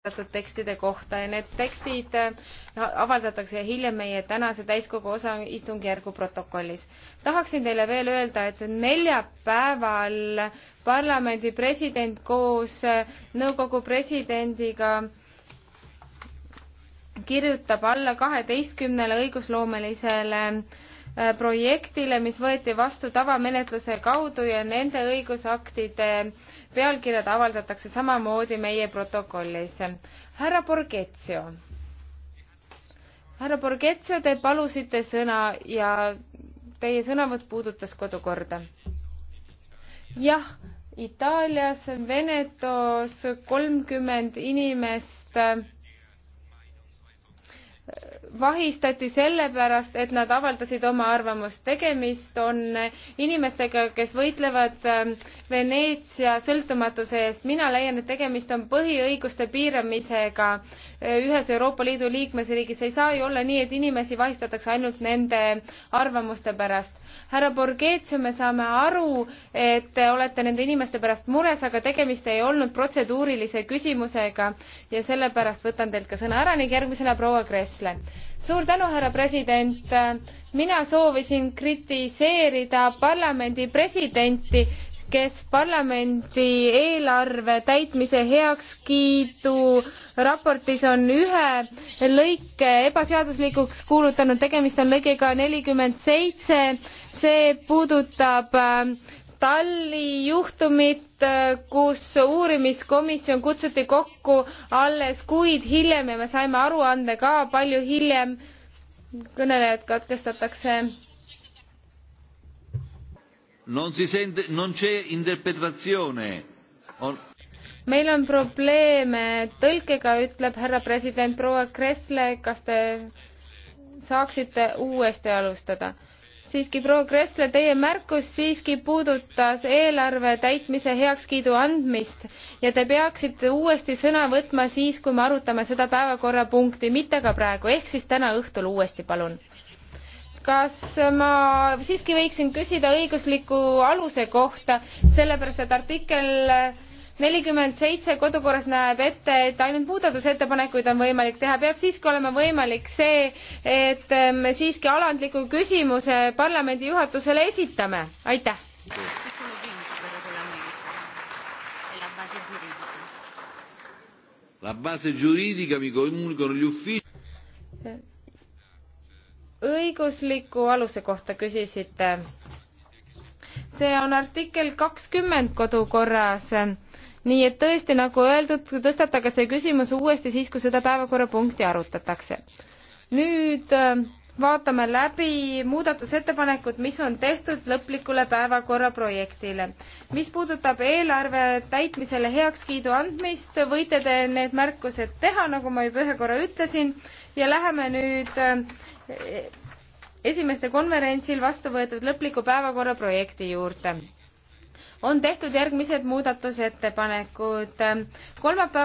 teatud tekstide kohta ja need tekstid äh, avaldatakse hiljem meie tänase täiskogu osaistungjärgu protokollis. tahaksin teile veel öelda, et neljapäeval parlamendi president koos äh, nõukogu presidendiga kirjutab alla kaheteistkümnele õigusloomelisele Äh, projektile, mis võeti vastu tavamenetluse kaudu ja nende õigusaktide pealkirjad avaldatakse samamoodi meie protokollis. härra Borgetsio. härra Borgetsio, te palusite sõna ja teie sõnavõtt puudutas kodukorda. jah, Itaalias Venetos kolmkümmend inimest vahistati sellepärast, et nad avaldasid oma arvamust. tegemist on inimestega, kes võitlevad ähm, Veneetsia sõltumatuse eest. mina leian, et tegemist on põhiõiguste piiramisega äh, ühes Euroopa Liidu liikmesriigis. ei saa ju olla nii, et inimesi vahistatakse ainult nende arvamuste pärast. härra Borghezio, me saame aru, et te olete nende inimeste pärast mures, aga tegemist ei olnud protseduurilise küsimusega ja sellepärast võtan teilt ka sõna ära ning järgmisena proua Kress Kaasle. suur tänu, härra president. mina soovisin kritiseerida parlamendi presidenti, kes parlamendi eelarve täitmise heakskiidu raportis on ühe lõike ebaseaduslikuks kuulutanud, tegemist on lõigega nelikümmend seitse, see puudutab äh, Talli juhtumit, kus uurimiskomisjon kutsuti kokku alles kuid hiljem ja me saime aruande ka palju hiljem. kõnelejad katkestatakse. Non si sente, non c'è interpretatsioone on.... meil on probleeme tõlkega, ütleb härra president proua Kressle, kas te saaksite uuesti alustada? siiski proua Kressle, teie märkus siiski puudutas eelarve täitmise heakskiidu andmist ja te peaksite uuesti sõna võtma siis, kui me arutame seda päevakorrapunkti, mitte ka praegu, ehk siis täna õhtul uuesti, palun. kas ma siiski võiksin küsida õigusliku aluse kohta, sellepärast et artikkel nelikümmend seitse kodukorras näeb ette, et ainult muudatusettepanekuid on võimalik teha, peab siiski olema võimalik see, et me ähm, siiski alandliku küsimuse parlamendi juhatusele esitame, aitäh. La base giuridica mi comunicano gli uffici õigusliku aluse kohta küsisite. see on artikkel kakskümmend kodukorras nii et tõesti, nagu öeldud, tõstatage see küsimus uuesti siis, kui seda päevakorrapunkti arutatakse. nüüd äh, vaatame läbi muudatusettepanekud, mis on tehtud lõplikule päevakorra projektile. mis puudutab eelarve täitmisele heakskiidu andmist, võite te need märkused teha, nagu ma juba ühe korra ütlesin ja läheme nüüd äh, esimeste konverentsil vastu võetud lõpliku päevakorra projekti juurde on tehtud järgmised muudatusettepanekud. kolmapäeval